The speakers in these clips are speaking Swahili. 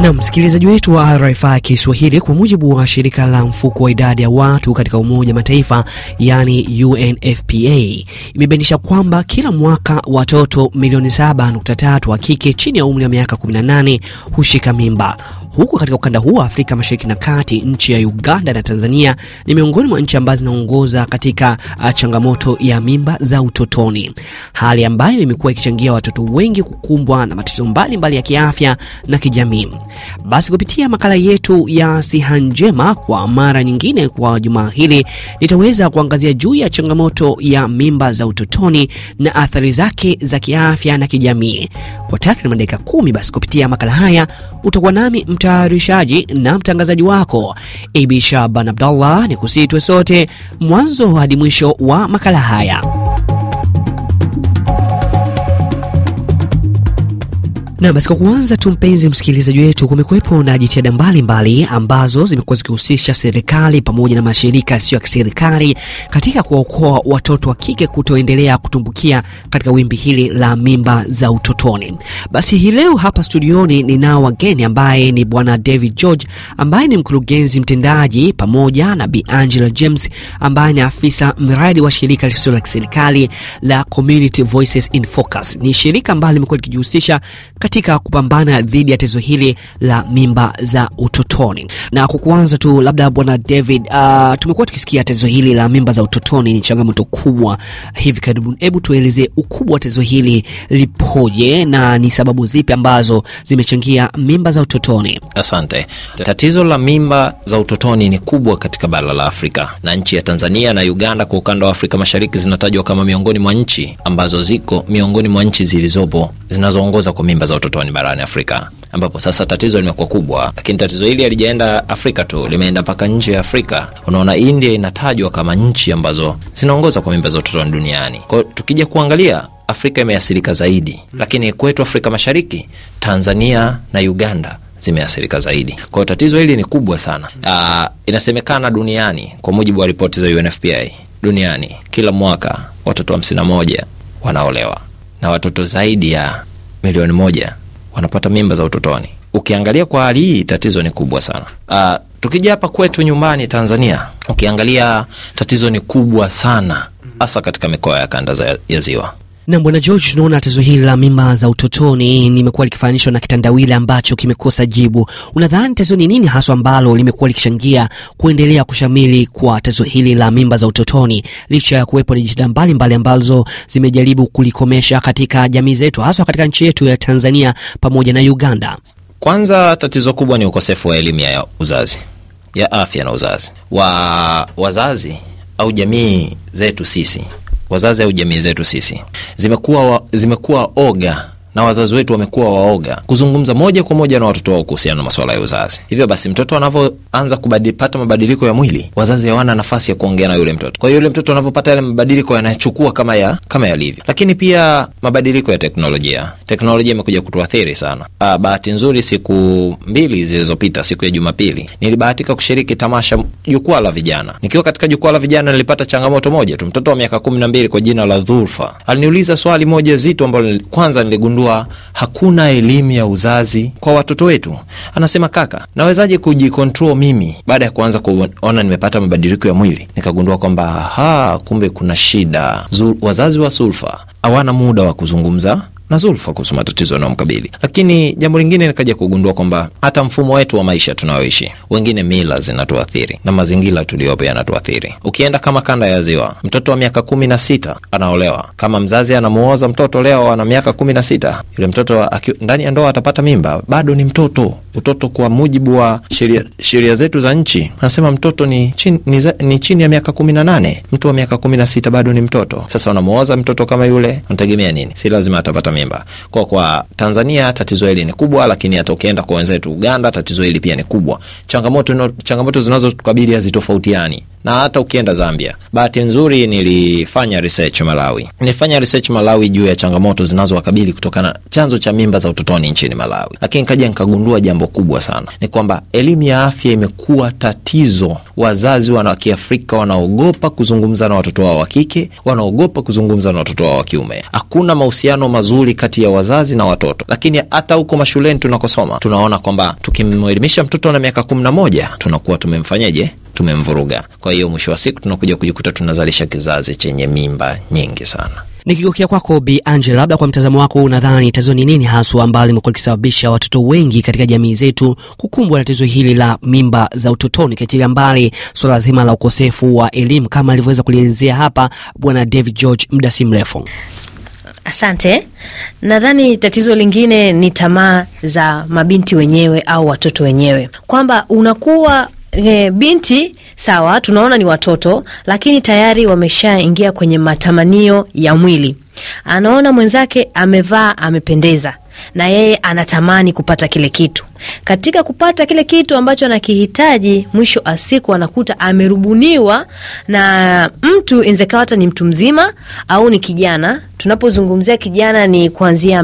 Na msikilizaji wetu wa RFI Kiswahili, kwa mujibu wa shirika la mfuko wa idadi ya watu katika Umoja Mataifa, yaani UNFPA, imebainisha kwamba kila mwaka watoto milioni 7.3 wa kike chini ya umri wa miaka 18 hushika mimba Huku katika ukanda huu wa Afrika Mashariki na Kati, nchi ya Uganda na Tanzania ni miongoni mwa nchi ambazo zinaongoza katika ah, changamoto ya mimba za utotoni, hali ambayo imekuwa ikichangia watoto wengi kukumbwa na matatizo mbalimbali ya kiafya na kijamii. Basi kupitia makala yetu ya Siha Njema kwa mara nyingine kwa jumaa hili nitaweza kuangazia juu ya changamoto ya mimba za utotoni na athari zake za kiafya na kijamii kwa takriban dakika kumi. Basi kupitia makala haya utakuwa nami mta mtayarishaji na mtangazaji wako Ibi Shaban Abdallah, ni kusitwe sote mwanzo hadi mwisho wa makala haya. Na basi kwa kuanza tu, mpenzi msikilizaji wetu, kumekuwepo na jitihada mbalimbali ambazo zimekuwa zikihusisha serikali pamoja na mashirika yasiyo ya kiserikali katika kuwaokoa watoto wa kike kutoendelea kutumbukia katika wimbi hili la mimba za utotoni. Basi hii leo hapa studioni ninao wageni ambaye ni Bwana David George ambaye ni mkurugenzi mtendaji pamoja na Bi Angela James ambaye ni afisa mradi wa shirika lisilo la kiserikali la Community Voices in Focus. Ni shirika ambalo limekuwa likijihusisha katika kupambana dhidi ya tatizo hili la mimba za utotoni. Na kwa kuanza tu, labda bwana David, uh, tumekuwa tukisikia tatizo hili la mimba za utotoni ni changamoto kubwa hivi karibuni. Hebu tueleze ukubwa wa tatizo hili lipoje na ni sababu zipi ambazo zimechangia mimba za utotoni? Asante. Tatizo la mimba za utotoni ni kubwa katika bara la Afrika na nchi ya Tanzania na Uganda kwa ukanda wa Afrika Mashariki zinatajwa kama miongoni mwa nchi ambazo ziko miongoni mwa nchi zilizopo zinazoongoza kwa mimba za za utotoni barani Afrika, ambapo sasa tatizo limekuwa kubwa. Lakini tatizo hili halijaenda Afrika tu, limeenda mpaka nje ya Afrika. Unaona, India inatajwa kama nchi ambazo zinaongoza kwa mimba za utotoni duniani. Kwao tukija kuangalia Afrika imeathirika zaidi, lakini kwetu Afrika Mashariki, Tanzania na Uganda zimeathirika zaidi. Kwa hiyo tatizo hili ni kubwa sana. Aa, ah, inasemekana duniani kwa mujibu wa ripoti za UNFPA, duniani kila mwaka watoto hamsini na moja wanaolewa na watoto zaidi ya milioni moja wanapata mimba za utotoni. Ukiangalia kwa hali hii, tatizo ni kubwa sana. Uh, tukija hapa kwetu nyumbani Tanzania, ukiangalia tatizo ni kubwa sana, hasa katika mikoa ya kanda ya ziwa. Na bwana George, tunaona tatizo hili la mimba za utotoni limekuwa likifananishwa na kitandawili ambacho kimekosa jibu. Unadhani tatizo ni nini haswa ambalo limekuwa likichangia kuendelea kushamili kwa tatizo hili la mimba za utotoni licha ya kuwepo na jitihada mbalimbali ambazo zimejaribu kulikomesha katika jamii zetu, haswa katika nchi yetu ya Tanzania pamoja na Uganda? Kwanza, tatizo kubwa ni ukosefu wa elimu ya uzazi, ya afya na uzazi wa wazazi au jamii zetu sisi wazazi au jamii zetu sisi zimekuwa, zimekuwa oga na wazazi wetu wamekuwa waoga kuzungumza moja kwa moja na watoto wao kuhusiana na masuala ya uzazi. Hivyo basi mtoto anavyoanza kupata mabadiliko ya mwili, wazazi hawana nafasi ya kuongea na yule mtoto. Kwa hiyo yule mtoto anapopata yale mabadiliko yanachukua kama ya kama yalivyo. Lakini pia mabadiliko ya teknolojia, teknolojia imekuja kutuathiri sana. Ah, bahati nzuri, siku mbili zilizopita, siku ya Jumapili, nilibahatika kushiriki tamasha jukwaa la vijana. Nikiwa katika jukwaa la vijana, nilipata changamoto moja tu. Mtoto wa miaka kumi na mbili kwa jina la Dhulfa aliniuliza swali moja zito ambalo kwanza niligundua kuwa hakuna elimu ya uzazi kwa watoto wetu. Anasema, kaka, nawezaje kujikontrol mimi baada ya kuanza kuona nimepata mabadiliko ya mwili? Nikagundua kwamba ha kumbe kuna shida. Zul, wazazi wa Sulfa hawana muda wa kuzungumza na Zulfa kuhusu matatizo yanayomkabili. Lakini jambo lingine nikaja kugundua kwamba hata mfumo wetu wa maisha tunayoishi, wengine mila zinatuathiri na mazingira tuliyopo yanatuathiri. Ukienda kama kanda ya Ziwa, mtoto wa miaka kumi na sita anaolewa. Kama mzazi anamuoza mtoto leo ana miaka kumi na sita, yule mtoto ndani ya ndoa atapata mimba, bado ni mtoto. Mtoto kwa mujibu wa sheria zetu za nchi anasema mtoto ni chini, ni, za, ni chini ya miaka kumi na nane. Mtu wa miaka kumi na sita bado ni mtoto. Sasa unamuoza mtoto kama yule, unategemea nini? Si lazima atapata mimba. Kwa kwa Tanzania tatizo hili ni kubwa, lakini hata ukienda kwa wenzetu Uganda tatizo hili pia ni kubwa. Changamoto no, changamoto zinazotukabili hazitofautiani na hata ukienda Zambia. Bahati nzuri nilifanya research Malawi, nilifanya research Malawi juu ya changamoto zinazowakabili kutokana chanzo cha mimba za utotoni nchini Malawi, lakini kaja nikagundua jambo kubwa sana, ni kwamba elimu ya afya imekuwa tatizo. Wazazi wana Kiafrika wanaogopa kuzungumza na watoto wao wa kike, wanaogopa kuzungumza na watoto wao wa kiume. Hakuna mahusiano mazuri vizuri kati ya wazazi na watoto. Lakini hata huko mashuleni tunakosoma tunaona kwamba tukimwelimisha mtoto na miaka kumi na moja tunakuwa tumemfanyeje? Tumemvuruga. Kwa hiyo mwisho wa siku tunakuja kujikuta tunazalisha kizazi chenye mimba nyingi sana. Nikigokea kwako Bi Angela, labda kwa mtazamo wako, unadhani tatizo ni nini haswa ambalo limekuwa likisababisha watoto wengi katika jamii zetu kukumbwa na tatizo hili la mimba za utotoni, kiachilia mbali suala zima la ukosefu wa elimu kama alivyoweza kulielezea hapa Bwana David George muda si mrefu? Asante. Nadhani tatizo lingine ni tamaa za mabinti wenyewe au watoto wenyewe, kwamba unakuwa e, binti sawa, tunaona ni watoto, lakini tayari wameshaingia kwenye matamanio ya mwili. Anaona mwenzake amevaa, amependeza na yeye anatamani kupata kile kitu. Katika kupata kile kitu ambacho anakihitaji, mwisho wa siku anakuta amerubuniwa na mtu, inzekawa hata ni mtu mzima au ni kijana. Tunapozungumzia kijana ni kuanzia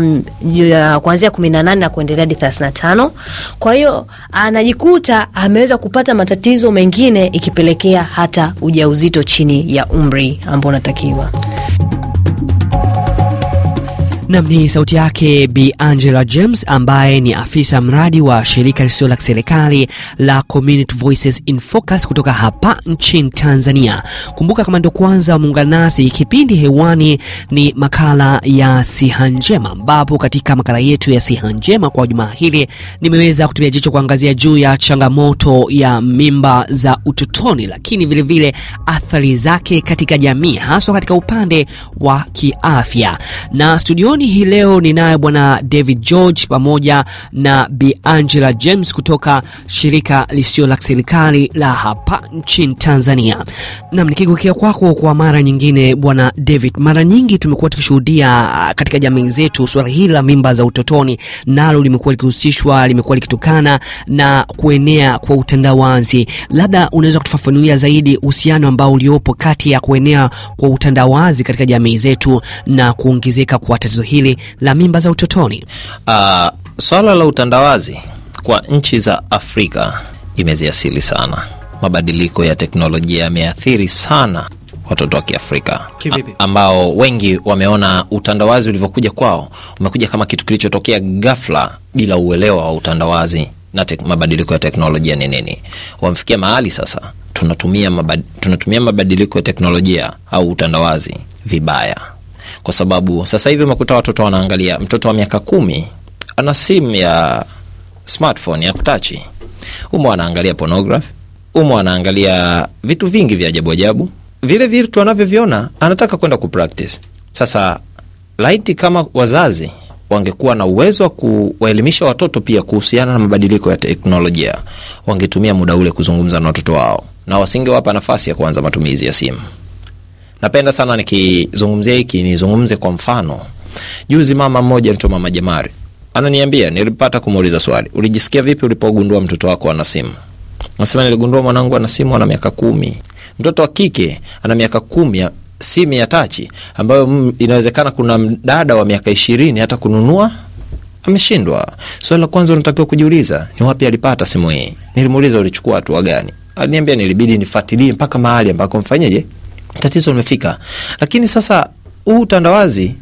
kuanzia 18 na kuendelea hadi 35. Kwa hiyo anajikuta ameweza kupata matatizo mengine, ikipelekea hata ujauzito chini ya umri ambao unatakiwa. Nam ni sauti yake Bi Angela James ambaye ni afisa mradi wa shirika lisilo la kiserikali la Community Voices in Focus kutoka hapa nchini Tanzania. Kumbuka kama ndo kwanza muungana nasi, kipindi hewani ni makala ya Siha Njema, ambapo katika makala yetu ya Siha Njema kwa jumaa hili nimeweza kutupia jicho kuangazia juu ya changamoto ya mimba za utotoni, lakini vilevile vile athari zake katika jamii, haswa katika upande wa kiafya na studioni studioni hii leo ninaye bwana David George pamoja na Bi Angela James kutoka shirika lisio la serikali la hapa nchini Tanzania. Nam, nikigokea kwako kwa mara nyingine, bwana David, mara nyingi tumekuwa tukishuhudia uh, katika jamii zetu suala hili la mimba za utotoni, nalo limekuwa likihusishwa, limekuwa likitokana na kuenea kwa utandawazi. Labda unaweza kutufafanulia zaidi uhusiano ambao uliopo kati ya kuenea kwa utandawazi katika jamii zetu na kuongezeka kwa tatizo hili la mimba za utotoni? Uh, swala la utandawazi kwa nchi za Afrika imeziasili sana. Mabadiliko ya teknolojia yameathiri sana watoto wa Kiafrika ambao wengi wameona utandawazi ulivyokuja kwao umekuja kama kitu kilichotokea ghafla bila uelewa wa utandawazi na mabadiliko ya teknolojia ni nini. Wamfikia mahali sasa tunatumia, mabad tunatumia mabadiliko ya teknolojia au utandawazi vibaya kwa sababu sasa hivi umekuta watoto wanaangalia, mtoto wa miaka kumi ana simu ya smartphone ya kutachi, umo anaangalia pornography, umo anaangalia vitu vingi vya ajabu ajabu, vile vitu anavyoviona anataka kwenda kupractice. Sasa laiti kama wazazi wangekuwa na uwezo wa kuwaelimisha watoto pia kuhusiana na mabadiliko ya teknolojia, wangetumia muda ule kuzungumza na watoto wao na wasingewapa nafasi ya kuanza matumizi ya simu. Napenda sana nikizungumzia hiki nizungumze kwa mfano. Juzi mama mmoja mtu mama Jamari ananiambia, nilipata kumuuliza swali, ulijisikia vipi ulipogundua mtoto wako ana simu? Nasema niligundua mwanangu ana simu, ana miaka kumi. Mtoto wa kike ana miaka kumi simu ya tachi ambayo inawezekana kuna mdada wa miaka ishirini hata kununua ameshindwa. Swali so, la kwanza unatakiwa kujiuliza ni wapi alipata simu hii. Nilimuuliza ulichukua hatua gani? Aliniambia nilibidi nifuatilie mpaka mahali ambako mfanyeje tatizo limefika. Lakini sasa huu utandawazi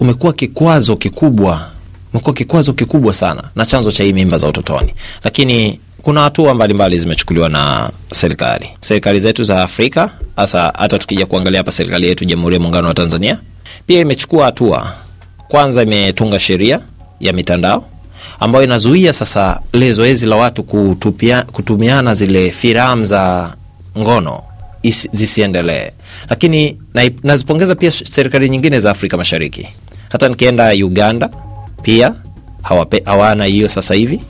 umekuwa kikwazo kikubwa, umekuwa kikwazo kikubwa sana na chanzo cha hii mimba za utotoni. Lakini kuna hatua mbalimbali zimechukuliwa na serikali, serikali zetu za Afrika, hasa hata tukija kuangalia hapa, serikali yetu Jamhuri ya Muungano wa Tanzania pia imechukua hatua. Kwanza imetunga sheria ya mitandao ambayo inazuia sasa lile zoezi la watu kutumiana zile filamu za ngono zisiendelee. Lakini na, nazipongeza pia serikali nyingine za Afrika Mashariki. Hata nikienda Uganda pia hawape, hawana hiyo sasa hivi.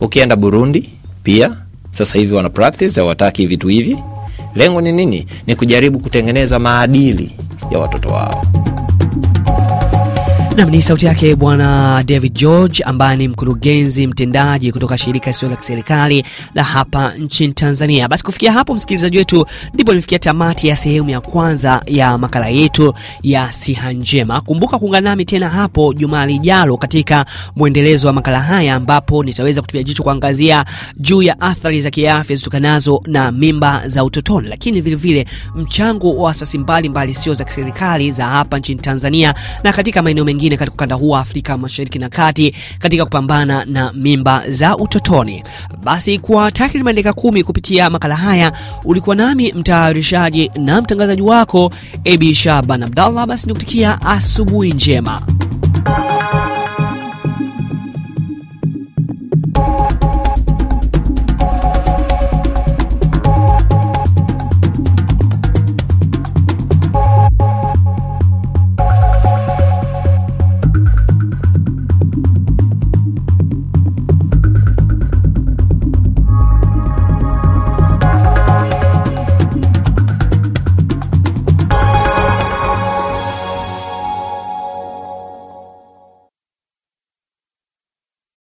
Ukienda Burundi pia sasa hivi wana practice, hawataki vitu hivi. Lengo ni nini? Ni kujaribu kutengeneza maadili ya watoto wao. Nam ni sauti yake Bwana David George ambaye ni mkurugenzi mtendaji kutoka shirika lisilo la kiserikali la hapa nchini Tanzania. Basi kufikia hapo, msikilizaji wetu, ndipo imefikia tamati ya sehemu ya kwanza ya makala yetu ya Siha Njema. Kumbuka kuungana nami tena hapo juma lijalo katika mwendelezo wa makala haya, ambapo nitaweza kutupia jicho kuangazia juu ya athari za kiafya zitokanazo na mimba za utotoni, lakini vilevile mchango wa asasi mbalimbali sio za kiserikali za hapa nchini Tanzania na katika maeneo mengi wengine katika ukanda huu wa Afrika Mashariki na Kati katika kupambana na mimba za utotoni. Basi kwa takriban dakika kumi kupitia makala haya ulikuwa nami mtayarishaji na mtangazaji wako Ebi Shaban Abdallah. Basi nikutikia asubuhi njema.